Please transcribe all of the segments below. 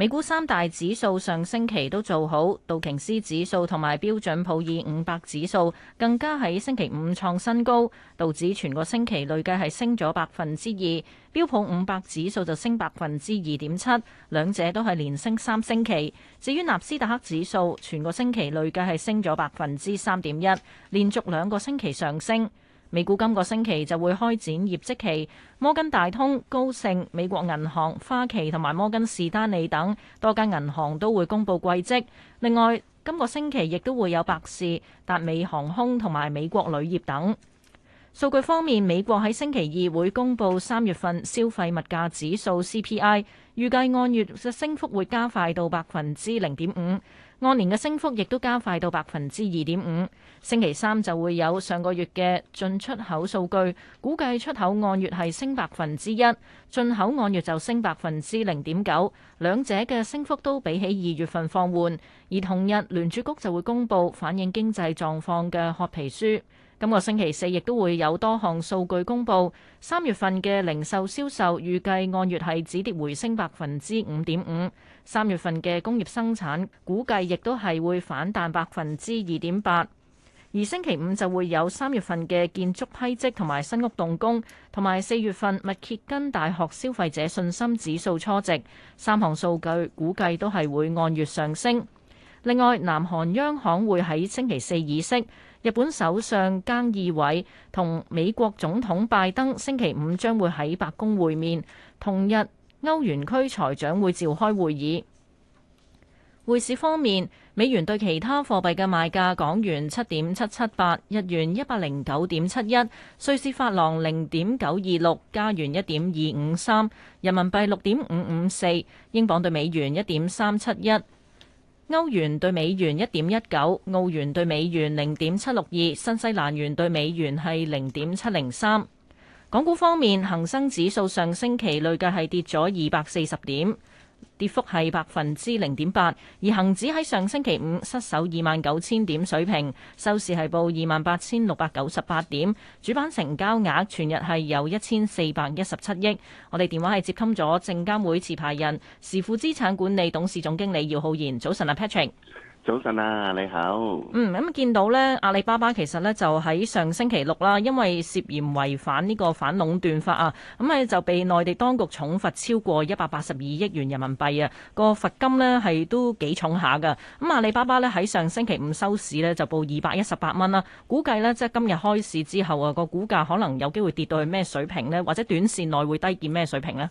美股三大指數上星期都做好，道瓊斯指數同埋標準普爾五百指數更加喺星期五創新高，道指全個星期累計係升咗百分之二，標普五百指數就升百分之二點七，兩者都係連升三星期。至於納斯達克指數，全個星期累計係升咗百分之三點一，連續兩個星期上升。美股今個星期就會開展業績期，摩根大通、高盛、美國銀行、花旗同埋摩根士丹利等多間銀行都會公布季績。另外，今個星期亦都會有百事、達美航空同埋美國鋁業等。數據方面，美國喺星期二會公布三月份消費物價指數 CPI。預計按月嘅升幅會加快到百分之零點五，按年嘅升幅亦都加快到百分之二點五。星期三就會有上個月嘅進出口數據，估計出口按月係升百分之一，進口按月就升百分之零點九，兩者嘅升幅都比起二月份放緩。而同日聯主局就會公布反映經濟狀況嘅褐皮書。今個星期四亦都會有多項數據公布。三月份嘅零售銷售預計按月係止跌回升百分之五點五，三月份嘅工業生產估計亦都係會反彈百分之二點八。而星期五就會有三月份嘅建築批積同埋新屋動工，同埋四月份密歇根大學消費者信心指數初值，三項數據估計都係會按月上升。另外，南韓央行會喺星期四議息。日本首相菅義偉同美國總統拜登星期五將會喺白宮會面，同日歐元區財長會召開會議。匯市方面，美元對其他貨幣嘅賣價：港元七點七七八，日元一百零九點七一，瑞士法郎零點九二六，加元一點二五三，人民幣六點五五四，英鎊對美元一點三七一。歐元對美元一點一九，澳元對美元零點七六二，新西蘭元對美元係零點七零三。港股方面，恒生指數上星期累計係跌咗二百四十點。跌幅係百分之零點八，而恒指喺上星期五失守二萬九千點水平，收市係報二萬八千六百九十八點，主板成交額全日係有一千四百一十七億。我哋電話係接通咗證監會持牌人時富資產管理董事總經理姚浩然，早晨啊 Patrick。早晨啊，你好。嗯，咁見到咧，阿里巴巴其實咧就喺上星期六啦，因為涉嫌違反呢個反壟斷法啊，咁啊就被內地當局重罰超過一百八十二億元人民幣啊，個罰金呢，係都幾重下㗎。咁、啊、阿里巴巴咧喺上星期五收市呢，就報二百一十八蚊啦，估計呢，即係今日開市之後啊，個股價可能有機會跌到去咩水平呢？或者短線內會低見咩水平呢？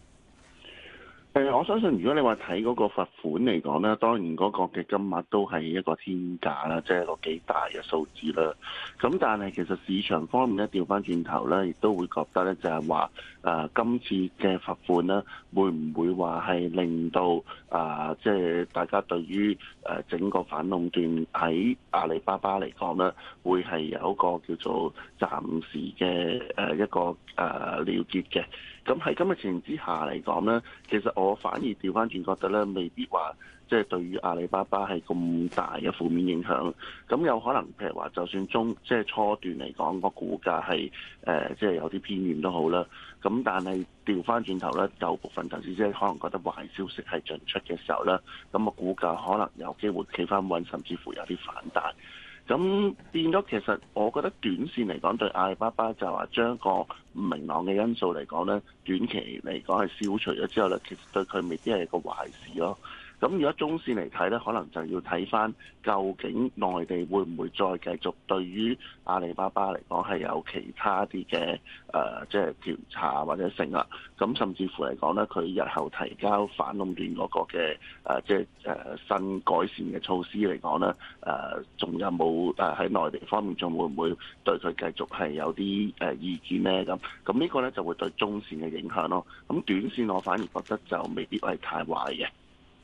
我相信如果你話睇嗰個罰款嚟講咧，當然嗰個嘅金額都係一個天價啦，即係一個幾大嘅數字啦。咁但係其實市場方面咧，調翻轉頭咧，亦都會覺得咧，就係話誒今次嘅罰款咧，會唔會話，係令到？啊，即係、呃就是、大家對於誒整個反壟斷喺阿里巴巴嚟講呢，會係有一個叫做暫時嘅誒一個誒、呃、了結嘅。咁喺今日情形之下嚟講呢，其實我反而掉返轉覺得呢未必話。即係對於阿里巴巴係咁大嘅負面影響，咁有可能譬如話，就算中即係初段嚟講個股價係誒、呃，即係有啲偏遠都好啦。咁但係調翻轉頭咧，就部分投資者可能覺得壞消息係進出嘅時候咧，咁個股價可能有機會企翻穩，甚至乎有啲反彈。咁變咗其實，我覺得短線嚟講對阿里巴巴就話將個唔明朗嘅因素嚟講咧，短期嚟講係消除咗之後咧，其實對佢未必係一個壞事咯。咁如果中線嚟睇咧，可能就要睇翻究竟內地會唔會再繼續對於阿里巴巴嚟講係有其他啲嘅誒，即係調查或者成啊？咁、嗯、甚至乎嚟講咧，佢日後提交反壟斷嗰個嘅誒，即係誒、呃、新改善嘅措施嚟講咧，誒、呃、仲有冇誒喺內地方面仲會唔會對佢繼續係有啲誒意見咧？咁咁呢個咧就會對中線嘅影響咯。咁、嗯、短線我反而覺得就未必係太壞嘅。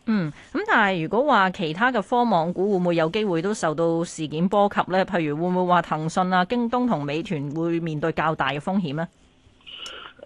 嗯，咁但係如果話其他嘅科網股會唔會有機會都受到事件波及呢？譬如會唔會話騰訊啊、京東同美團會面對較大嘅風險呢？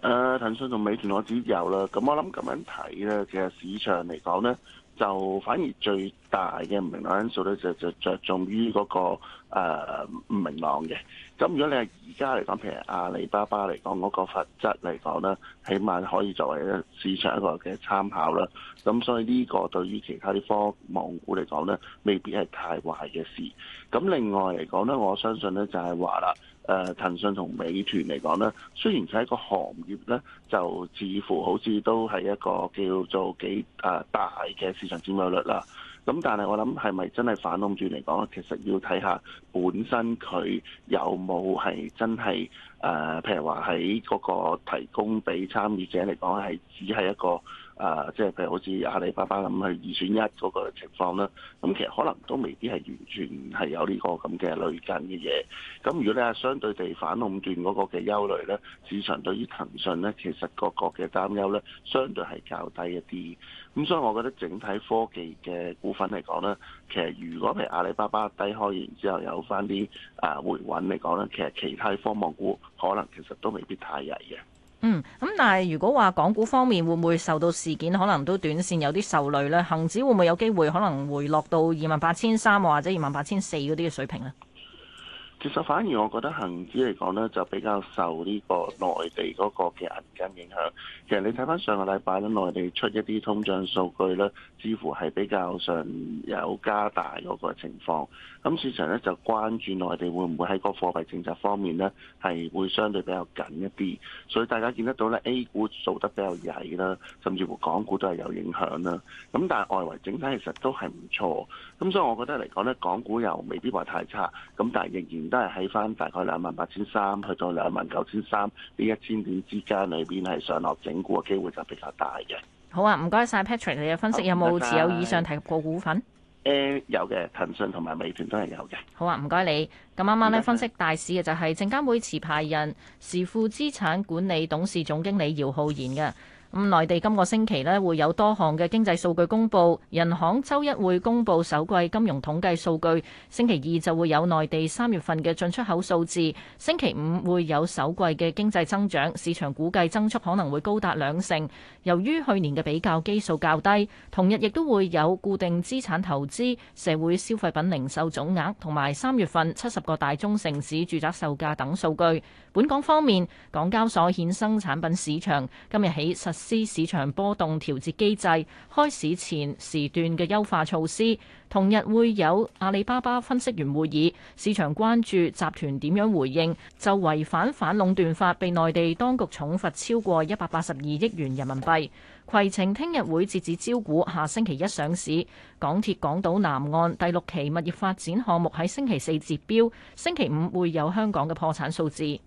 誒、呃，騰訊同美團我指有啦。咁我諗咁樣睇咧，其實市場嚟講呢。就反而最大嘅唔明朗因素咧，就就着重於嗰、那個唔、呃、明朗嘅。咁如果你係而家嚟講，譬如阿里巴巴嚟講嗰、那個罰則嚟講咧，起碼可以作為一市場一個嘅參考啦。咁所以呢個對於其他啲科網股嚟講咧，未必係太壞嘅事。咁另外嚟講咧，我相信咧就係話啦，誒、呃、騰訊同美團嚟講咧，雖然係一個行業咧，就似乎好似都係一個叫做幾誒大嘅事。上佔有率啦，咁、嗯、但係我諗係咪真係反壟斷嚟講？其實要睇下本身佢有冇係真係，誒、呃，譬如話喺嗰個提供俾參與者嚟講，係只係一個。啊、呃，即係譬如好似阿里巴巴咁去二選一嗰個情況啦，咁其實可能都未必係完全係有呢個咁嘅類近嘅嘢。咁如果你係相對地反壟斷嗰個嘅憂慮咧，市場對於騰訊咧其實個個嘅擔憂咧，相對係較低一啲。咁所以，我覺得整體科技嘅股份嚟講咧，其實如果譬如阿里巴巴低開完之後有翻啲啊回穩嚟講咧，其實其他科網股可能其實都未必太曳嘅。嗯，咁但係如果話港股方面會唔會受到事件可能都短線有啲受累咧？恒指會唔會有機會可能回落到二萬八千三或者二萬八千四嗰啲嘅水平咧？其實反而我覺得恒指嚟講咧就比較受呢個內地嗰個嘅銀根影響。其實你睇翻上個禮拜咧，內地出一啲通脹數據咧，似乎係比較上有加大嗰個情況。咁市場咧就關注內地會唔會喺個貨幣政策方面咧係會相對比較緊一啲，所以大家見得到咧 A 股做得比較曳啦，甚至乎港股都係有影響啦。咁但係外圍整體其實都係唔錯，咁所以我覺得嚟講咧，港股又未必話太差，咁但係仍然都係喺返大概兩萬八千三去到兩萬九千三呢一千點之間裏邊係上落整固嘅機會就比較大嘅。好啊，唔該晒 Patrick，你嘅分析有冇持有以上提及過股份？誒有嘅，騰訊同埋美團都係有嘅。好啊，唔該你。咁啱啱呢分析大市嘅就係證監會持牌人時富資產管理董事總經理姚浩然嘅。咁、嗯、內地今個星期呢會有多項嘅經濟數據公佈，人行週一會公佈首季金融統計數據，星期二就會有內地三月份嘅進出口數字，星期五會有首季嘅經濟增長，市場估計增速可能會高達兩成。由於去年嘅比較基數較低，同日亦都會有固定資產投資、社會消費品零售總額同埋三月份七十個大中城市住宅售價等數據。本港方面，港交所衍生產品市場今日起實施市場波動調節機制，開市前時段嘅優化措施，同日會有阿里巴巴分析員會議，市場關注集團點樣回應就違反反壟斷法被內地當局重罰超過一百八十二億元人民幣。攜程聽日會截止招股，下星期一上市。港鐵港島南岸第六期物業發展項目喺星期四截標，星期五會有香港嘅破產數字。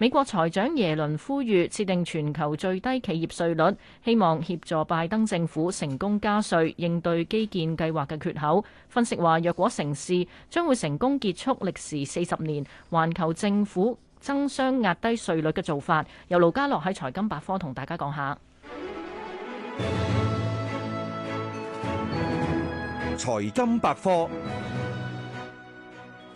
美國財長耶倫呼籲設定全球最低企業稅率，希望協助拜登政府成功加稅，應對基建計劃嘅缺口。分析話，若果成事，將會成功結束歷時四十年環球政府爭相壓低稅率嘅做法。由盧家樂喺財金百科同大家講下。財金百科。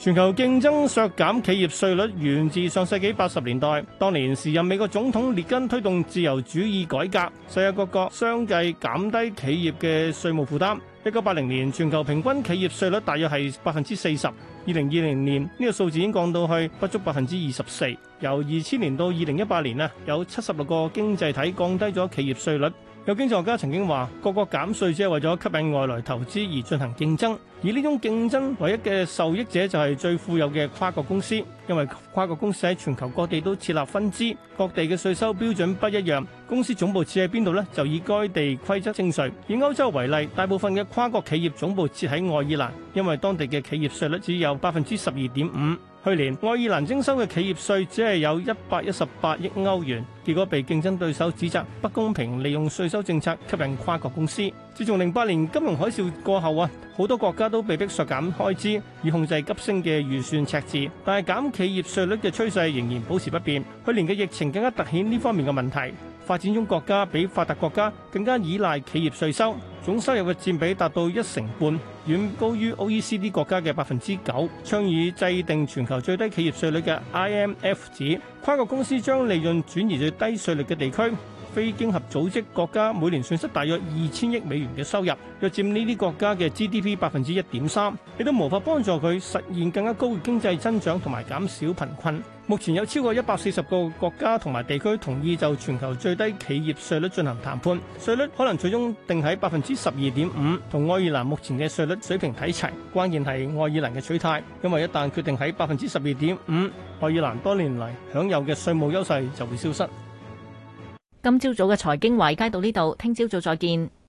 全球競爭削減企業稅率源自上世紀八十年代，當年時任美國總統列根推動自由主義改革，世界各國相繼減低企業嘅稅務負擔。一九八零年全球平均企業稅率大約係百分之四十，二零二零年呢個數字已經降到去不足百分之二十四。由二千年到二零一八年啊，有七十六個經濟體降低咗企業稅率。有經濟學家曾經話：各國減稅只係為咗吸引外來投資而進行競爭，而呢種競爭唯一嘅受益者就係最富有嘅跨國公司，因為跨國公司喺全球各地都設立分支，各地嘅稅收標準不一樣，公司總部設喺邊度呢？就以該地規則徵稅。以歐洲為例，大部分嘅跨國企業總部設喺愛爾蘭，因為當地嘅企業稅率只有百分之十二點五。去年愛爾蘭徵收嘅企業稅只係有一百一十八億歐元，結果被競爭對手指責不公平利用稅收政策吸引跨國公司。自從零八年金融海嘯過後啊，好多國家都被迫削減開支以控制急升嘅預算赤字，但係減企業稅率嘅趨勢仍然保持不變。去年嘅疫情更加突顯呢方面嘅問題。發展中國家比發達國家更加依賴企業稅收，總收入嘅佔比達到一成半，遠高於 OECD 國家嘅百分之九。倡議制定全球最低企業稅率嘅 IMF 指跨國公司將利潤轉移至低稅率嘅地區。非經合組織國家每年損失大約二千億美元嘅收入，約占呢啲國家嘅 GDP 百分之一點三，亦都無法幫助佢實現更加高嘅經濟增長同埋減少貧困。目前有超過一百四十個國家同埋地區同意就全球最低企業稅率進行談判，稅率可能最終定喺百分之十二點五，同愛爾蘭目前嘅稅率水平睇齊。關鍵係愛爾蘭嘅取態，因為一旦決定喺百分之十二點五，愛爾蘭多年嚟享有嘅稅務優勢就會消失。今朝早嘅財經華爾街到呢度，聽朝早再見。